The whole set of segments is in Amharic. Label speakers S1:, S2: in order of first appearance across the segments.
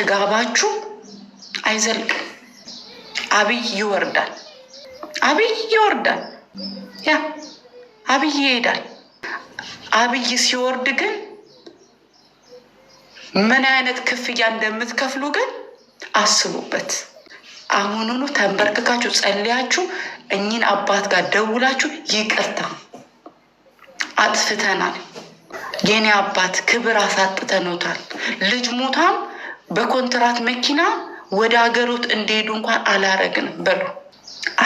S1: ጥጋባችሁ አይዘልቅም። አብይ ይወርዳል፣ አብይ ይወርዳል፣ ያ አብይ ይሄዳል። አብይ ሲወርድ ግን ምን አይነት ክፍያ እንደምትከፍሉ ግን አስቡበት። አሁኑኑ ተንበርክካችሁ ጸልያችሁ እኚህን አባት ጋር ደውላችሁ ይቅርታ አጥፍተናል፣ የኔ አባት ክብር አሳጥተኖታል፣ ልጅ ሙታም በኮንትራት መኪና ወደ ሀገሩት እንዲሄዱ እንኳን አላረግን በሉ።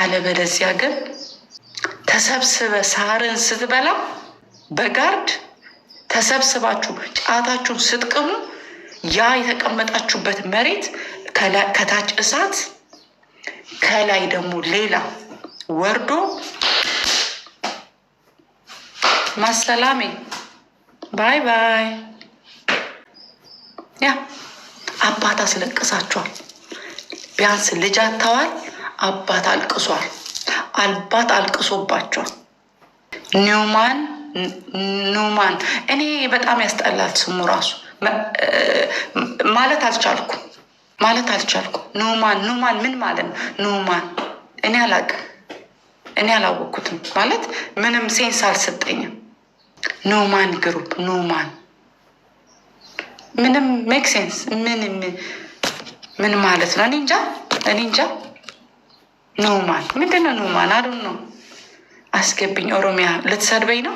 S1: አለበለዚያ ግን ተሰብስበ ሳርን ስትበላ በጋርድ ተሰብስባችሁ ጫታችሁን ስትቅሙ ያ የተቀመጣችሁበት መሬት ከታች እሳት ከላይ ደግሞ ሌላ ወርዶ ማሰላሜ ባይ ባይ ያ አባት አስለቅሳቸዋል ቢያንስ ልጅ አተዋል። አባት አልቅሷል። አባት አልቅሶባቸዋል። ኒውማን ኒውማን እኔ በጣም ያስጠላል ስሙ ራሱ ማለት አልቻልኩ ማለት አልቻልኩ። ኑማን ኑማን ምን ማለት ነው? ኑማን እኔ አላቅም እኔ አላወቅኩትም ማለት ምንም ሴንስ አልሰጠኝም። ኑማን ግሩፕ ኑማን ምንም ሜክ ሴንስ ምንም ምን ማለት ነው? እኔ እንጃ እኔ እንጃ። ኖማን ምንድን ነው ኖማን? ነው አስገብኝ። ኦሮሚያ ልትሰድበኝ ነው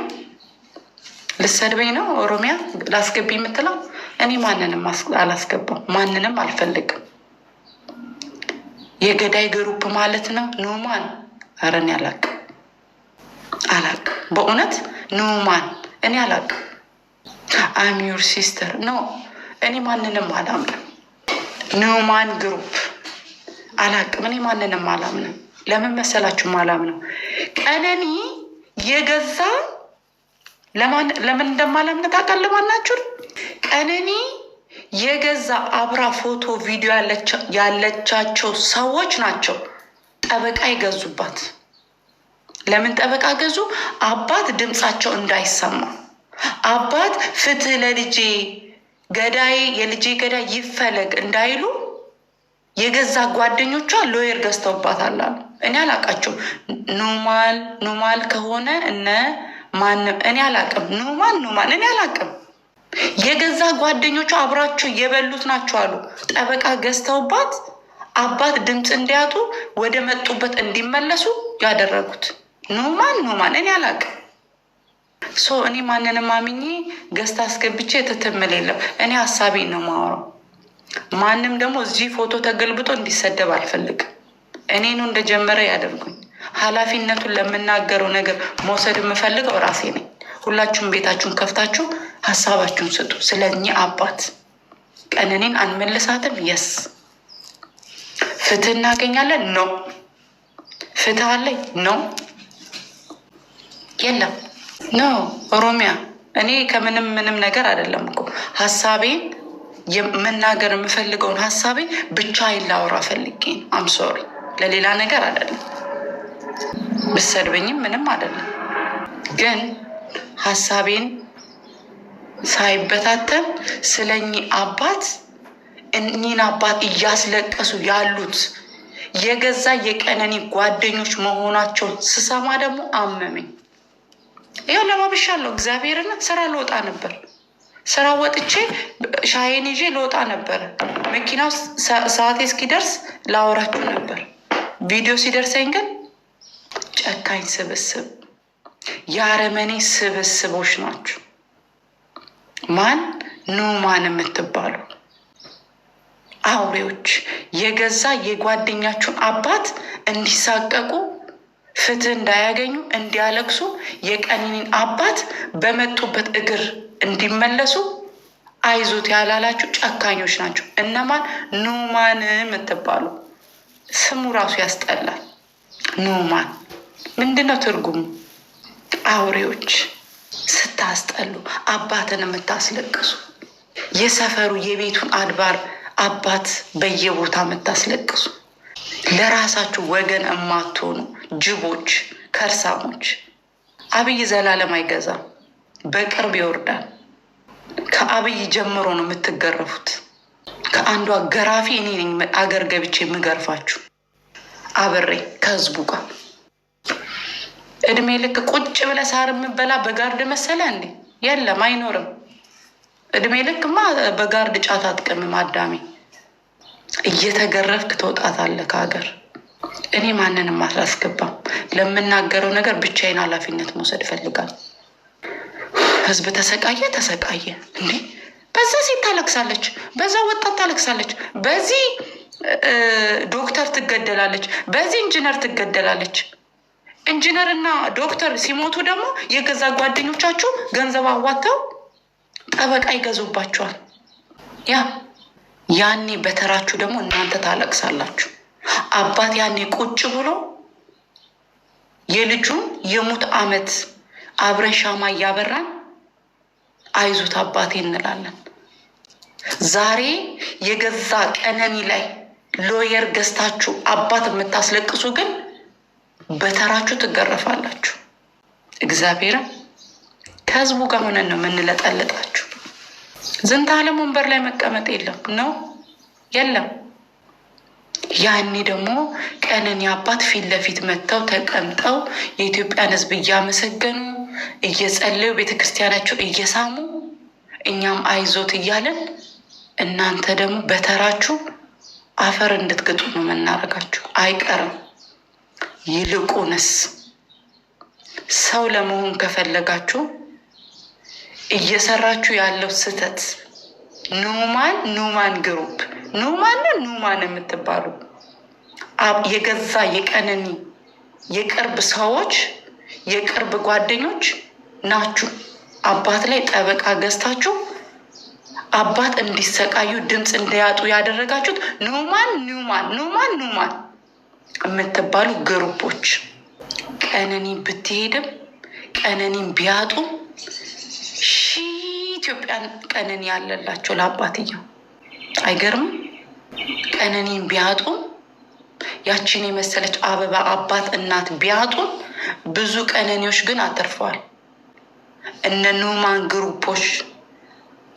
S1: ልትሰድበኝ ነው ኦሮሚያ ላስገቢ የምትለው እኔ ማንንም አላስገባም፣ ማንንም አልፈልግም። የገዳይ ግሩፕ ማለት ነው ኖማን። ኧረ እኔ አላቅ በእውነት ኖማን እኔ አላቅም። አም ዩር ሲስተር ነው እኔ ማንንም አላምንም። ኒውማን ግሩፕ አላቅም። እኔ ማንንም አላምንም። ለምን መሰላችሁ? አላምነው ቀነኒ የገዛ ለምን እንደማላምነት አውቃለሁ። ለማናችሁን ቀነኒ የገዛ አብራ ፎቶ ቪዲዮ ያለቻቸው ሰዎች ናቸው ጠበቃ ይገዙባት። ለምን ጠበቃ ገዙ? አባት ድምፃቸው እንዳይሰማ አባት ፍትህ ለልጄ ገዳይ የልጄ ገዳይ ይፈለግ እንዳይሉ የገዛ ጓደኞቿ ሎየር ገዝተውባታል አሉ። እኔ አላቃቸው ኑማል ኑማል ከሆነ እነ ማንም እኔ አላቅም። ኑማል ኑማል እኔ አላቅም። የገዛ ጓደኞቿ አብራቸው የበሉት ናቸው አሉ። ጠበቃ ገዝተውባት አባት ድምፅ እንዲያጡ ወደ መጡበት እንዲመለሱ ያደረጉት ኑማን ኑማን እኔ አላቅም። ሶ እኔ ማንንም አምኜ ገዝታ አስገብቼ ትትምል የለም። እኔ ሀሳቢ ነው የማወራው። ማንም ደግሞ እዚህ ፎቶ ተገልብጦ እንዲሰደብ አልፈልግም። እኔኑ እንደጀመረ ያደርጉኝ። ኃላፊነቱን ለምናገረው ነገር መውሰድ የምፈልገው ራሴ ነኝ። ሁላችሁም ቤታችሁን ከፍታችሁ ሀሳባችሁን ስጡ። እኚህ አባት ቀንኔን አንመልሳትም። የስ ፍትህ እናገኛለን ነው ፍትህ አለኝ ነው የለም ኖ ኦሮሚያ እኔ ከምንም ምንም ነገር አይደለም እኮ ሀሳቤን መናገር የምፈልገውን ሀሳቤን ብቻ ይላውራ ፈልጌ አም ሶሪ ለሌላ ነገር አይደለም። ብሰድበኝም ምንም አይደለም፣ ግን ሀሳቤን ሳይበታተን ስለኝ አባት እኒን አባት እያስለቀሱ ያሉት የገዛ የቀነኒ ጓደኞች መሆናቸውን ስሰማ ደግሞ አመመኝ። ይኸው ለባብሻለሁ። እግዚአብሔርን ስራ ልወጣ ነበር፣ ስራ ወጥቼ ሻይን ይዤ ልወጣ ነበር። መኪናው ሰዓቴ እስኪደርስ ላወራችሁ ነበር። ቪዲዮ ሲደርሰኝ ግን ጨካኝ ስብስብ፣ የአረመኔ ስብስቦች ናችሁ። ማን ኑ ማን የምትባሉ አውሬዎች የገዛ የጓደኛችሁን አባት እንዲሳቀቁ ፍትህ እንዳያገኙ እንዲያለቅሱ፣ የቀኒኒን አባት በመጡበት እግር እንዲመለሱ አይዞት ያላላችሁ ጨካኞች ናቸው። እነማን ኑማን የምትባሉ ስሙ ራሱ ያስጠላል። ኑማን ምንድነው ትርጉሙ? አውሬዎች ስታስጠሉ፣ አባትን የምታስለቅሱ የሰፈሩ የቤቱን አድባር አባት በየቦታ የምታስለቅሱ ለራሳችሁ ወገን እማትሆኑ ጅቦች፣ ከርሳሞች። አብይ ዘላለም አይገዛም፣ በቅርብ ይወርዳል። ከአብይ ጀምሮ ነው የምትገረፉት። ከአንዷ ገራፊ እኔ አገር ገብቼ የምገርፋችሁ አብሬ ከህዝቡ ጋር እድሜ ልክ ቁጭ ብለ ሳር የምበላ በጋርድ መሰለ እንዴ? የለም አይኖርም። እድሜ ልክማ በጋርድ ጫት አጥቀምም አዳሜ እየተገረፍክ አለ ከሀገር። እኔ ማንንም አላስገባም። ለምናገረው ነገር ብቻዬን ኃላፊነት መውሰድ ይፈልጋል። ህዝብ ተሰቃየ ተሰቃየ እንዴ! በዛ ሴት ታለቅሳለች፣ በዛ ወጣት ታለቅሳለች፣ በዚህ ዶክተር ትገደላለች፣ በዚህ ኢንጂነር ትገደላለች። ኢንጂነር እና ዶክተር ሲሞቱ ደግሞ የገዛ ጓደኞቻችሁ ገንዘብ አዋተው ጠበቃ ይገዙባቸዋል ያ ያኔ በተራችሁ ደግሞ እናንተ ታለቅሳላችሁ። አባት ያኔ ቁጭ ብሎ የልጁን የሙት ዓመት አብረን ሻማ እያበራን አይዞት አባቴ እንላለን። ዛሬ የገዛ ቀነኒ ላይ ሎየር ገዝታችሁ አባት የምታስለቅሱ ግን በተራችሁ ትገረፋላችሁ። እግዚአብሔርም ከህዝቡ ጋር ሆነን ነው የምንለጠልጣችሁ። ዝንታለም ወንበር ላይ መቀመጥ የለም ነው የለም። ያኔ ደግሞ ቀነኒ አባት ፊት ለፊት መጥተው ተቀምጠው የኢትዮጵያን ሕዝብ እያመሰገኑ እየጸለዩ ቤተክርስቲያናቸው እየሳሙ እኛም አይዞት እያለን እናንተ ደግሞ በተራችሁ አፈር እንድትግጡ ነው መናረጋችሁ አይቀርም። ይልቁንስ ሰው ለመሆን ከፈለጋችሁ እየሰራችሁ ያለው ስህተት ኑማን ኑማን ግሩፕ ኑማን ኑማን የምትባሉ የገዛ የቀነኒ የቅርብ ሰዎች የቅርብ ጓደኞች ናችሁ። አባት ላይ ጠበቃ ገዝታችሁ አባት እንዲሰቃዩ ድምፅ እንዲያጡ ያደረጋችሁት ኑማን ኑማን ኑማን ኑማን የምትባሉ ግሩፖች ቀነኒ ብትሄድም ቀነኒን ቢያጡም። ኢትዮጵያን ቀነኒ ያለላቸው ለአባትየው አይገርምም? ቀነኒን ቢያጡም ያችን የመሰለች አበባ አባት እናት ቢያጡም ብዙ ቀነኒዎች ግን አተርፈዋል። እነ ኑማን ግሩፖች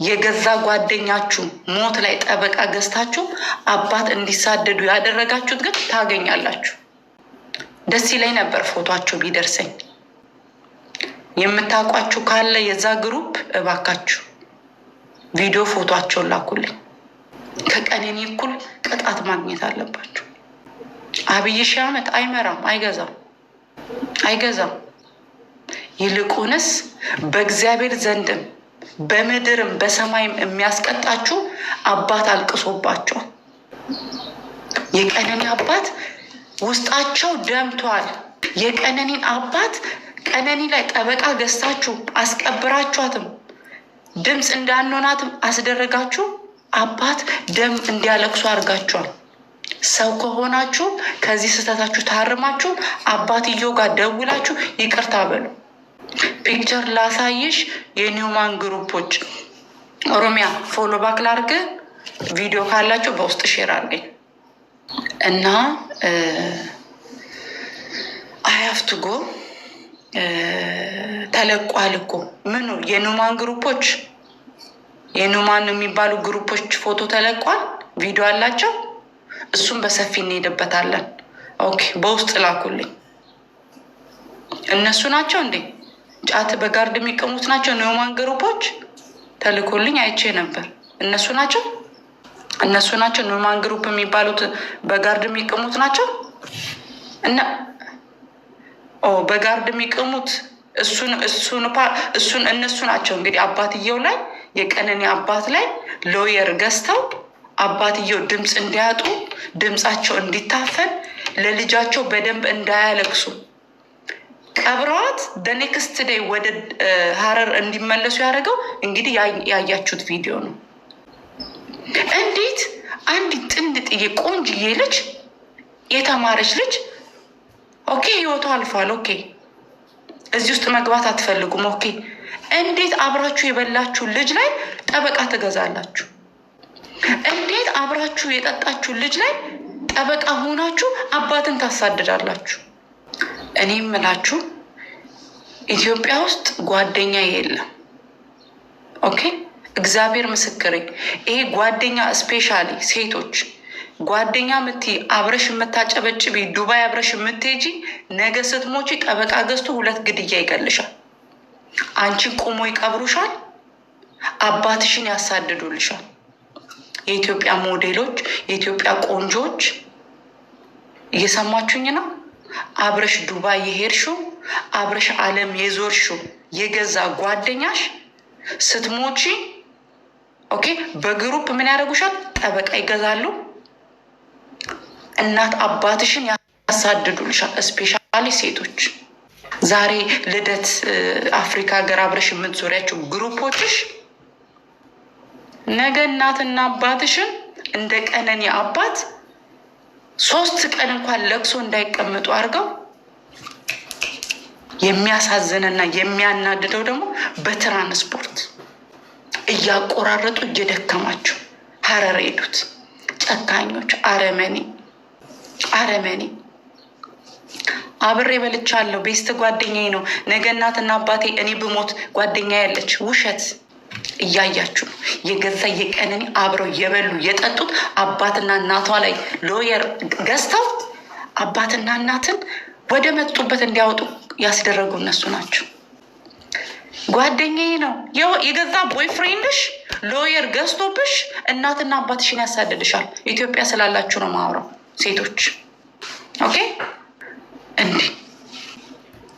S1: የገዛ ጓደኛችሁ ሞት ላይ ጠበቃ ገዝታችሁ አባት እንዲሳደዱ ያደረጋችሁት ግን ታገኛላችሁ። ደስ ይለኝ ነበር ፎቷቸው ቢደርሰኝ። የምታውቋችሁ ካለ የዛ ግሩፕ እባካችሁ ቪዲዮ ፎቶቸውን ላኩልኝ። ከቀነኒ እኩል ቅጣት ማግኘት አለባችሁ። አብይ ሺህ ዓመት አይመራም፣ አይገዛም፣ አይገዛም። ይልቁንስ በእግዚአብሔር ዘንድም በምድርም በሰማይም የሚያስቀጣችሁ አባት አልቅሶባቸው የቀነኒ አባት ውስጣቸው ደምቷል። የቀነኒን አባት ቀነኒ ላይ ጠበቃ ገዝታችሁ አስቀብራችኋትም ድምፅ እንዳንሆናትም አስደረጋችሁ። አባት ደም እንዲያለቅሱ አድርጋችኋል። ሰው ከሆናችሁ ከዚህ ስህተታችሁ ታርማችሁ አባትየው ጋር ደውላችሁ ይቅርታ በሉ። ፒክቸር ላሳይሽ። የኒውማን ግሩፖች ኦሮሚያ ፎሎ ባክ ላርግ። ቪዲዮ ካላችሁ በውስጥ ሼር አርገኝ እና አይ ሀቭ ቱ ጎ ተለቋል እኮ ምኑ የኑማን ግሩፖች የኑማን የሚባሉ ግሩፖች ፎቶ ተለቋል። ቪዲዮ አላቸው። እሱም በሰፊ እንሄድበታለን። ኦኬ፣ በውስጥ ላኩልኝ። እነሱ ናቸው እንዴ ጫት በጋርድ የሚቀሙት ናቸው? ኑማን ግሩፖች ተልኮልኝ አይቼ ነበር። እነሱ ናቸው እነሱ ናቸው ኑማን ግሩፕ የሚባሉት በጋርድ የሚቀሙት ናቸው እና በጋርድ የሚቅሙት እሱን እነሱ ናቸው እንግዲህ አባትየው ላይ የቀነኒ አባት ላይ ሎየር ገዝተው አባትየው ድምፅ እንዲያጡ ድምፃቸው እንዲታፈን ለልጃቸው በደንብ እንዳያለቅሱ ቀብረዋት ደኔክስት ደይ ወደ ሀረር እንዲመለሱ ያደረገው እንግዲህ ያያችሁት ቪዲዮ ነው። እንዴት አንዲት ጥንድ ጥዬ ቆንጅዬ ልጅ የተማረች ልጅ ኦኬ፣ ህይወቱ አልፏል። ኦኬ፣ እዚህ ውስጥ መግባት አትፈልጉም። ኦኬ፣ እንዴት አብራችሁ የበላችሁ ልጅ ላይ ጠበቃ ትገዛላችሁ? እንዴት አብራችሁ የጠጣችሁ ልጅ ላይ ጠበቃ ሆናችሁ አባትን ታሳድዳላችሁ? እኔም ምላችሁ ኢትዮጵያ ውስጥ ጓደኛ የለም። ኦኬ፣ እግዚአብሔር ምስክሬ። ይሄ ጓደኛ ስፔሻሊ ሴቶች ጓደኛ ምት አብረሽ የምታጨበጭቢ ዱባይ አብረሽ የምትሄጂ ነገ ስትሞቺ ጠበቃ ገዝቶ ሁለት ግድያ ይገልሻል። አንቺን ቆሞ ይቀብሩሻል። አባትሽን ያሳድዱልሻል። የኢትዮጵያ ሞዴሎች፣ የኢትዮጵያ ቆንጆች እየሰማችሁኝ ነው። አብረሽ ዱባይ የሄድሽው አብረሽ ዓለም የዞርሽው የገዛ ጓደኛሽ ስትሞቺ ኦኬ፣ በግሩፕ ምን ያደርጉሻል? ጠበቃ ይገዛሉ። እናት አባትሽን ያሳድዱልሻል። እስፔሻሊ ሴቶች ዛሬ ልደት አፍሪካ ሀገር አብረሽ የምትዞሪያቸው ግሩፖችሽ ነገ እናትና አባትሽን እንደ ቀነኒ አባት ሶስት ቀን እንኳን ለቅሶ እንዳይቀመጡ አድርገው የሚያሳዝንና የሚያናድደው ደግሞ በትራንስፖርት እያቆራረጡ እየደከማቸው ሀረር ሄዱት። ጨካኞች፣ አረመኔ አረመኔ አብሬ በልቻለሁ። ቤስት ጓደኛዬ ነው። ነገ እናትና አባቴ እኔ ብሞት ጓደኛ ያለች ውሸት እያያችሁ ነው። የገዛ የቀነኒ አብረው የበሉ የጠጡት አባትና እናቷ ላይ ሎየር ገዝተው አባትና እናትን ወደ መጡበት እንዲያወጡ ያስደረጉ እነሱ ናቸው። ጓደኛዬ ነው የገዛ ቦይፍሬንድሽ ሎየር ገዝቶብሽ እናትና አባትሽን ያሳደድሻል። ኢትዮጵያ ስላላችሁ ነው ማውራው ሴቶች ኦኬ። እንዴ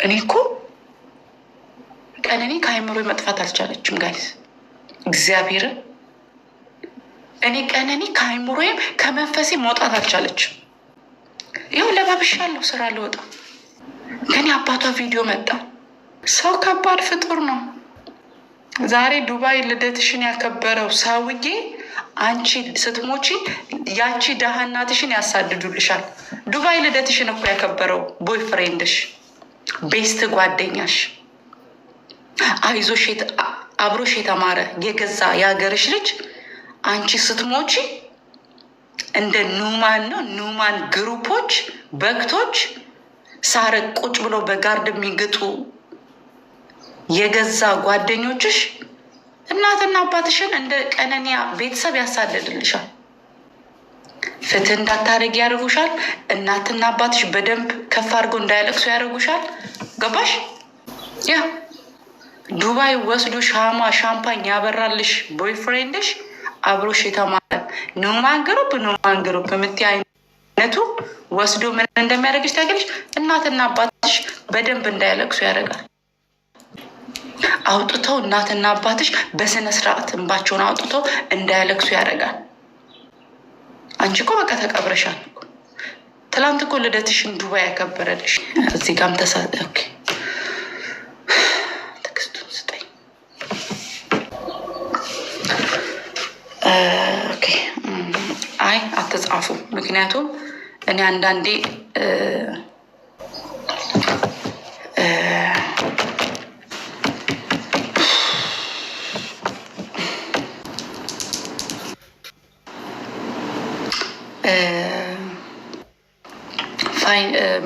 S1: እኔ እኮ ቀነኔ ከአይምሮ መጥፋት አልቻለችም ጋይስ፣ እግዚአብሔር እኔ ቀነኔ ከአይምሮዬም ከመንፈሴ መውጣት አልቻለችም። ይኸው ለባብሻለሁ፣ ስራ ልወጣ ግን የአባቷ ቪዲዮ መጣ። ሰው ከባድ ፍጡር ነው። ዛሬ ዱባይ ልደትሽን ያከበረው ሰውዬ አንቺ ስትሞቺ ያቺ ደሃ እናትሽን ያሳድዱልሻል። ዱባይ ልደትሽን እኮ ያከበረው ቦይፍሬንድሽ፣ ቤስት ጓደኛሽ፣ አይዞሽ አብሮሽ የተማረ የገዛ የሀገርሽ ልጅ አንቺ ስትሞቺ እንደ ኑማን ነው ኑማን ግሩፖች በግቶች ሳረቅ ቁጭ ብሎ በጋርድ የሚግጡ የገዛ ጓደኞችሽ እናትና አባትሽን እንደ ቀነኒያ ቤተሰብ ያሳደድልሻል። ፍትህ እንዳታረጊ ያደርጉሻል። እናትና አባትሽ በደንብ ከፍ አድርገው እንዳያለቅሱ ያደርጉሻል። ገባሽ? ያ ዱባይ ወስዶ ሻማ ሻምፓኝ ያበራልሽ ቦይፍሬንድሽ አብሮሽ የተማረ ኑማን ግሩፕ ግሩፕ የምትይ አይነቱ ወስዶ ምን እንደሚያደርግሽ ታገልሽ። እናትና አባትሽ በደንብ እንዳያለቅሱ ያደርጋል። አውጥተው እናትና አባትሽ በስነ ስርዓት እንባቸውን አውጥተው እንዳያለቅሱ ያደርጋል። አንቺ እኮ በቃ ተቀብረሻል። ትላንት እኮ ልደትሽን ዱባይ ያከበረልሽ እዚህ ጋም ተሳ ትዕግስቱን ስጠኝ። አይ አትጻፉ። ምክንያቱም እኔ አንዳንዴ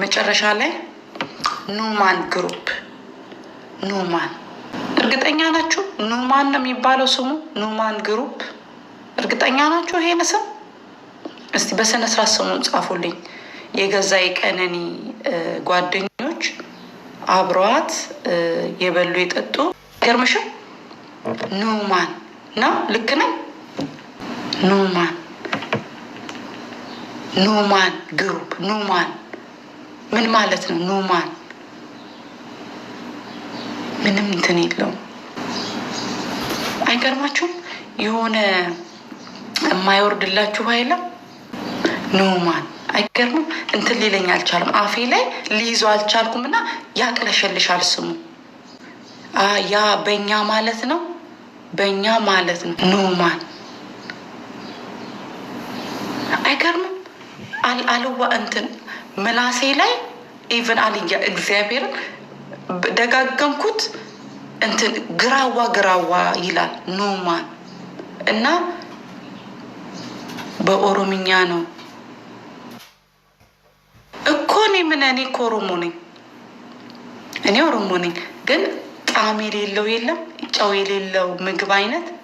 S1: መጨረሻ ላይ ኑማን ግሩፕ ኑማን እርግጠኛ ናችሁ? ኑማን ነው የሚባለው ስሙ። ኑማን ግሩፕ እርግጠኛ ናችሁ? ይሄን ስም እስቲ በስነ ስርዓት ስሙን ጻፉልኝ። የገዛ የቀነኒ ጓደኞች አብረዋት የበሉ የጠጡ ገርምሽም ኑማን ነው። ልክ ነኝ? ኑማን ኑማን ግሩፕ ኑማን ምን ማለት ነው? ኖማን ምንም እንትን የለውም። አይገርማችሁም? የሆነ የማይወርድላችሁ ኃይለም ኖማን አይገርምም። እንትን ሊለኝ አልቻልም አፌ ላይ ሊይዞ አልቻልኩም እና ያቅለሸልሻል ስሙ። ያ በእኛ ማለት ነው፣ በእኛ ማለት ነው ኖማን አይገርምም። አልዋ እንትን ምላሴ ላይ ኢቨን አልያ እግዚአብሔርን ደጋገምኩት እንትን ግራዋ ግራዋ ይላል ኖማን እና በኦሮምኛ ነው እኮ እኔ ምን እኔ እኮ ኦሮሞ ነኝ እኔ ኦሮሞ ነኝ ግን ጣዕም የሌለው የለም ጨው የሌለው ምግብ አይነት